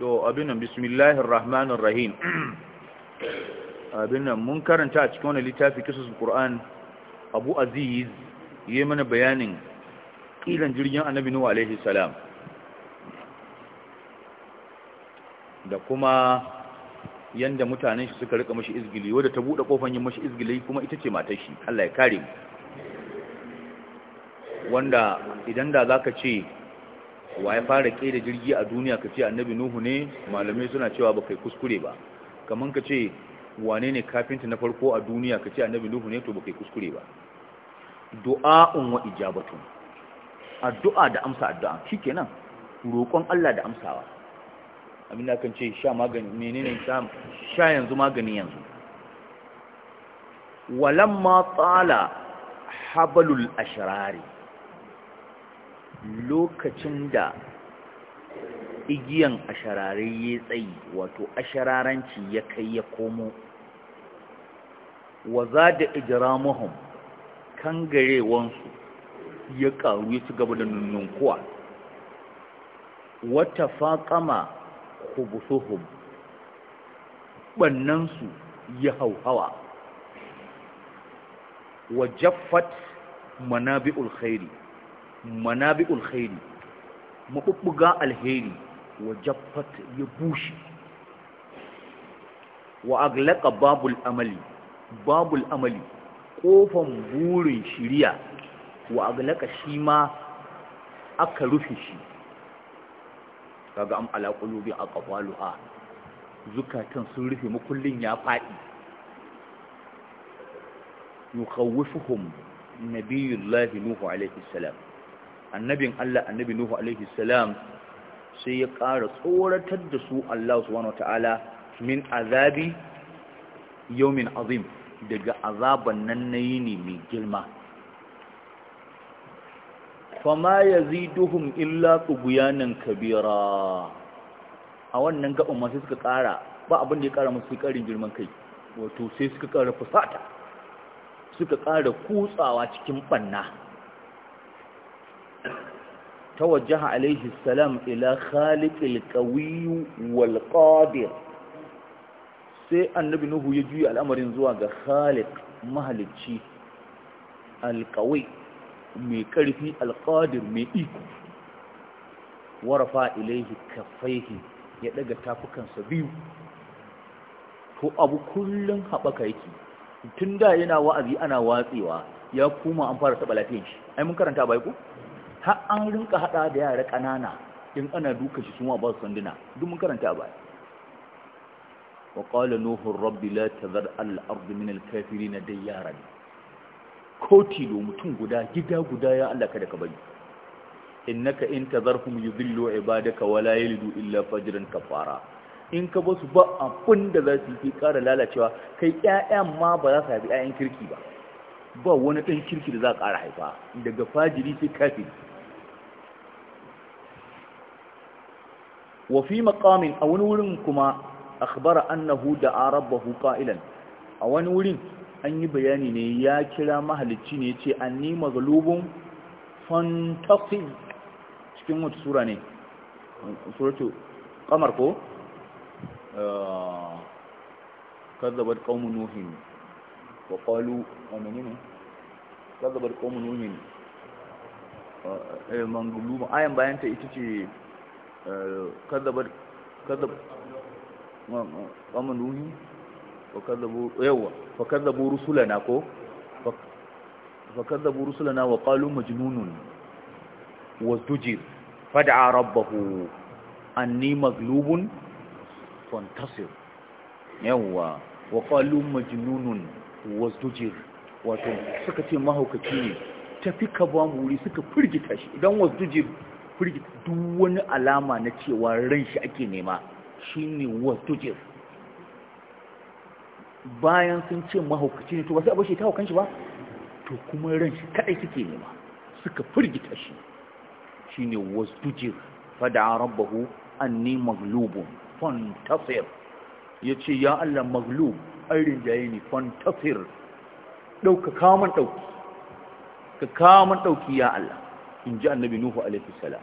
to abin nan bismillahir rahmanir rahim abin nan mun karanta a cikin wani littafi kisus qur'an abu aziz yayi mana bayanin kilan jirgin annabi nuhu alaihi salam da kuma yanda mutanen shi suka rika mashi izgili wanda ta buɗe kofan yin mashi izgili kuma ita ce matar shi Allah ya kare mu wanda idan da zaka ce wa ya fara da jirgi a duniya ka ce annabi nuhu ne malamai suna cewa ba kai kuskure ba kamar ka ce wane ne kafinta na farko a duniya ka ce annabi nuhu ne to ba kai kuskure ba du'a'un wa ijabatun addu'a da amsa addu'a shikenan roƙon Allah da amsawa Amina kan ce sha magani menene sha sha yanzu magani yanzu walamma tsala habalul ashrari lokacin da igiyan asharare ya tsayi wato ashararanci ya kai ya komo wa za da ijiramuhum kangarewansu ya ƙaru ya ci gaba da nunnunkuwa wata faƙama hubusuhum ɓannansu ya hauhawa wa jaffat manabi'ul khairi manabi'ul khairi mabubbuga alheri wa jaffat ya bushe wa aglaqa babul amali babul amali kofan burin shiriya wa aglaqa shi ma aka rufe shi kaga am a ƙafalu a zukatan sun rufe makullin ya faɗi yukhawifuhum nabiyullahi nuhu alaihi annabin Allah annabi Nuhu alaihi salam sai ya ƙara tsoratar da su Allah subhanahu wataala min azabi yawmin azim daga azaban nan na ne mai girma fama yaziduhum illa tughyanan kabira a wannan gaban ma sai suka ƙara ba abin da ya ƙara musu ƙarin girman kai wato sai suka ƙara fusata suka ƙara kutsawa cikin banna توجه عليه السلام إلى خالق القوي والقادر sai annabi nuhu ya juya al'amarin zuwa ga khaliq mahalicci alqawi mai karfi alqadir mai iko warafa ilaihi kaffaihi ya daga tafukansa biyu to abu kullum haɓaka yake tun da yana wa'azi ana watsewa ya kuma an fara taɓa lafiyan shi ai mun karanta bai ku har an rinka hada da yara kanana in ana duka shi suma ba su sanduna duk mun karanta ba wa qala nuhu rabbi la tazar al ardi min al kafirin dayyaran ko tilo mutum guda gida guda ya Allah kada ka bari innaka in tazarhum yudillu ibadaka wala yalidu illa fajran kafara in ka ba su ba abin da za su yi ƙara lalacewa kai ƴaƴan ma ba za su haifi ƴaƴan kirki ba ba wani ɗan kirki da za a ƙara haifa daga fajiri sai kafiri وفي مقام a wani wurin kuma akhbara annahu da'a rabbahu qa'ilan a wani wurin an yi bayani ne ya kira mahalicci ne yace anni cikin wata sura ne suratu kamar ko ah, nuhin ah, eh, ayan bayanta ita kadabar kadab amanu ni fa fa kadabu rusulana ko fa kadabu rusulana wa qalu majnunun wa tujir fad'a rabbahu anni maglubun fantasir yawa wa qalu majnunun wa tujir wato suka ce mahaukaci ne tafi ka ba mu wuri suka firgita shi idan wasu tujir firgita duk wani alama na cewa ran shi ake nema shine watujir bayan sun ce mahaukaci ne to ba sai abu shi ta haukan shi ba to kuma ran shi kadai suke nema suka firgita shi Shi shine wasdujir fada'a rabbahu anni maglubun fantasir yace ya Allah maglub an rinjaye ne fantasir ɗauka kamun ɗauki. ka kamun ɗauki ya Allah In ji annabi nuhu alaihi salam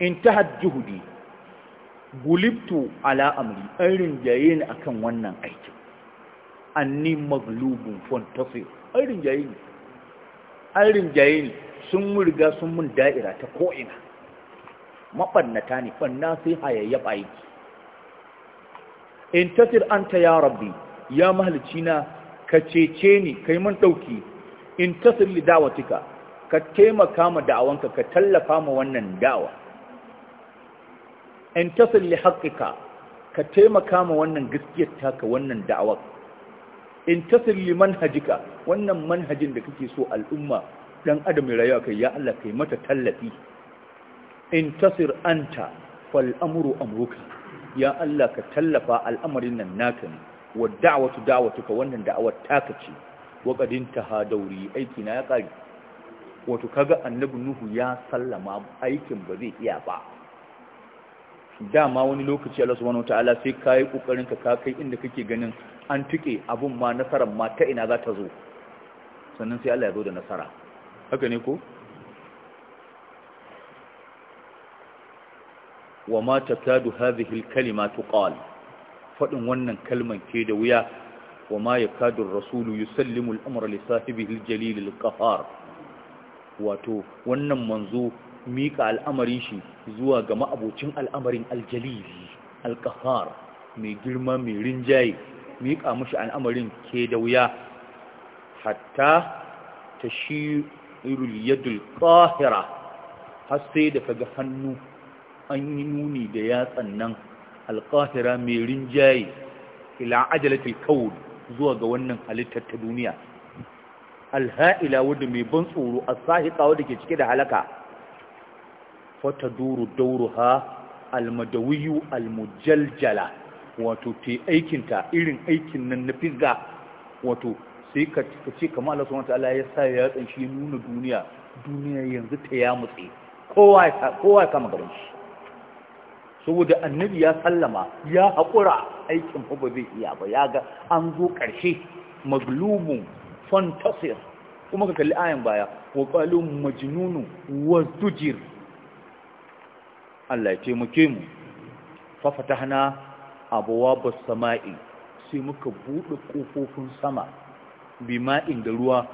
intahat juhudi gulibtu ala amri irin jaye ni akan wannan aikin anni maglubun fantasir irin jaye ni irin jaye ni sun riga sun mun da'ira ta ko'ina maɓannata ne ɓanna sai hayayyafa aiki in tasir an ta ya rabbi ya mahalici na ka cece ni kai man ɗauki in tasir li dawatika ka taimaka ma da'awanka ka tallafa ma wannan da'awa in tasir li haƙƙika ka taimaka ma wannan gaskiyar taka wannan da'awar in tasir li manhajika wannan manhajin da kake so al'umma dan adam ya rayu kai ya Allah kai mata tallafi in tasir anta fal amru amruka ya Allah ka tallafa al'amarin nan naka ne wa da'watu ka wannan da'awar taka ce wa qadin tahadauri aiki na ya kare wato kaga annabi nuhu ya sallama aikin ba zai iya ba dama wani lokaci Allah subhanahu wataala sai kai kokarin ka ka kai inda kake ganin an tuke abun ma nasara ma ta ina za ta zo sannan sai Allah ya zo da nasara haka ne ko wa ma takadu hadhihi alkalima tuqal fadin wannan kalman ke da wuya wa ma yakadu ar-rasulu yusallimu al-amra li sahibihi al-jalil wato wannan manzo miƙa al'amari shi zuwa ga ma'abocin al'amarin aljalili alƙafar mai girma mai rinjaye miƙa mashi al'amarin ke da wuya hatta ta shi irul yadul har sai da kaga hannu an yi nuni da yatsan nan alƙahira mai rinjaye ila ajalatul kawul zuwa ga wannan halittar ta duniya alha'ila wadda mai ban tsoro a sahiƙa wadda ke cike da halaka wata duru dauruha almadawiyu almujaljala wato aikin aikinta irin aikin nan na fizga wato sai ka ce kamar Allah subhanahu wataala ya sa ya tsanshi ya nuna duniya duniya yanzu ta ya mutse kowa ya kama garin shi saboda annabi ya sallama ya haƙura aikin ba zai iya ba ya ga an zo ƙarshe maglubun fantasir kuma ka kalli ayan baya wa qalum majnunu wa zujir Allah ya taimake mu fafatahna abwabus sama'i sai muka bude kofofin sama bima'in da ruwa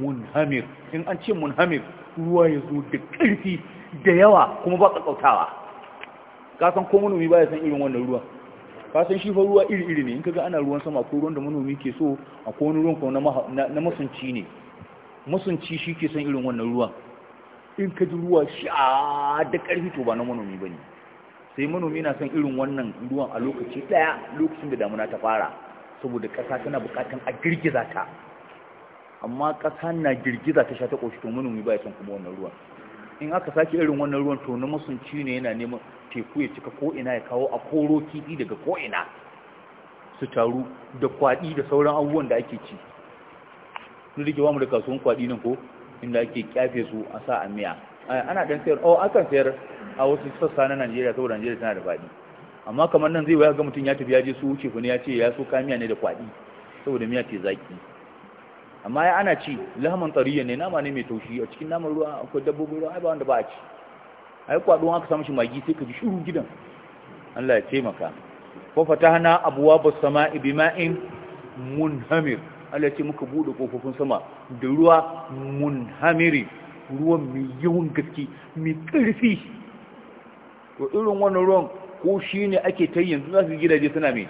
munhamir in an ce munhamir ruwa ya zo da ƙarfi da yawa kuma ba ka kautawa ka san ko manomi ba ya san irin wannan ruwa ka san shi fa ruwa iri-iri ne in kaga ana ruwan sama ko ruwan da manomi ke so akwai wani ruwan ko na masunci ne musunci shi ke san irin wannan ruwan in ka ji ruwa sha da ƙarfi to ba na manomi ba ne sai manomi na son irin wannan ruwan a lokaci ɗaya lokacin da damuna ta fara saboda ƙasa tana buƙatan a girgiza ta amma ƙasa na girgiza ta sha ta ƙoshi to manomi ba ya son kuma wannan ruwan in aka sake irin wannan ruwan to na masunci ne yana neman teku ya cika ko'ina ya kawo a koro kifi daga ko'ina su taru da kwaɗi da sauran abubuwan da ake ci. ba mu da kasuwan kwaɗi nan ko inda ake kyafe su a sa a miya eh, ana ɗan sayar oh akan sayar a wasu sassa na Najeriya saboda Najeriya tana da faɗi amma kamar nan zai waya ga mutum ya tafi ya je su wuce fa ne ya ce ya so kamiya ne da kwaɗi saboda miya ce zaki amma ya ana ci Lahaman tsariya ne nama ne mai taushi a cikin naman ruwa akwai dabbobin ruwa ai ba wanda ba a ci ai kwaɗo aka samu shi magi sai ka ji shiru gidan Allah ya taimaka fa fatahna abwaabas sama'i bima'in munhamir Allah ce muka bude kofofin sama da ruwa munhamiri ruwan mai yawan gaske mai ƙarfi to irin wannan ruwan ko shi ne ake ta yanzu za su gidaje suna mai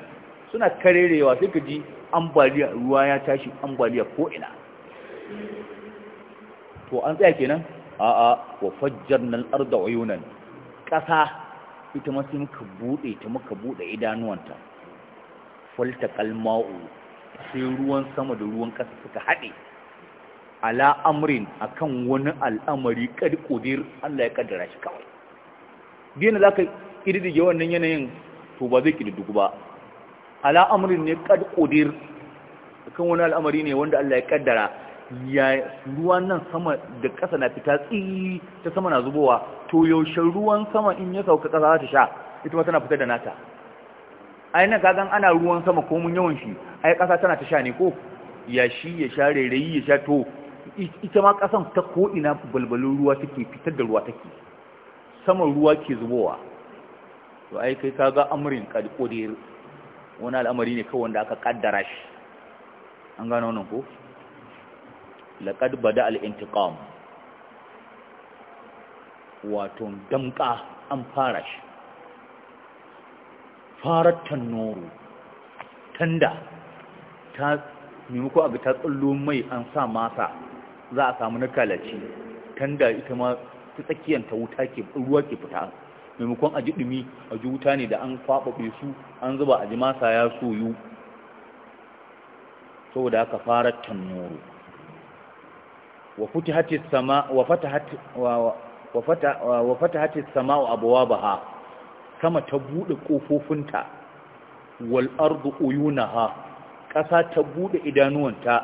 suna karerewa sai ka ji ambaliya ruwa ya tashi ambaliya ko to an tsaya kenan a'a wa fajjarnal arda uyunan ƙasa ita ma muka bude ta muka bude idanuwanta falta ma'u sai ruwan sama da ruwan ƙasa suka haɗe ala amrin akan wani al'amari ƙudir Allah ya ƙaddara shi kawai da za ka ƙididdige wannan yanayin to ba zai ƙididdugu ba ala amrin ne a akan wani al'amari ne wanda Allah ya ƙaddara ya ruwan nan sama da ƙasa na fita tsiri ta sama na zubowa to yaushe ruwan sama in ya sauka ƙasa za ta sha ita ma tana fitar da nata ai nan kagan ana ruwan sama ko mun yawan shi ai ƙasa tana ta sha ne ko ya shi ya sha rairayi ya sha to ita ma ƙasan ta ko ina balbalin ruwa take fitar da ruwa take saman ruwa ke zubowa to ai kai kaga amrin kalqadir wani al'amari ne kawai wanda aka kaddara shi an gano nan ko laqad bada al-intiqam wato damka an fara shi farar tanda ta nemako a ga ta tsallo mai an sa masa za a samu nakalaci tanda ita ma ta tsakiyar ta wuta ke ruwa ke fita maimakon a ji ɗumi a ji wuta ne da an kwaɓaɓe su an zuba a ji masa ya soyu saboda aka fara tannoro wa fata hatis sama wa fata abuwa ba ha sama ta buɗe ƙofofinta wal ardu uyunaha ƙasa ta buɗe idanuwanta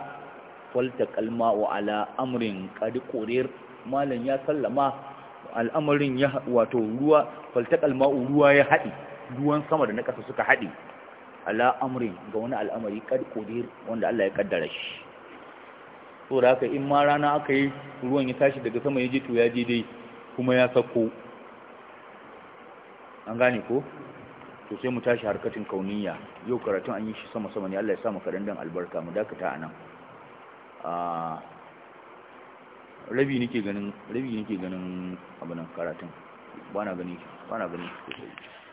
falta kalma wa ala amrin qad qurir malan ya sallama al'amarin ya wato ruwa falta kalma ruwa ya haɗi ruwan sama da na ƙasa suka haɗi ala amrin ga wani al'amari qad qurir wanda Allah ya kaddara shi to da haka in ma rana aka yi ruwan ya tashi daga sama ya je to ya je dai kuma ya sako an gane ko to sai mu tashi harkatin kauniya yau karatun an yi shi sama-sama ne Allah ya samu kaɗan don albarka mu dakata a nan rabi nake ganin rabi nake ganin abinan karatun ba na gani ba na gani sosai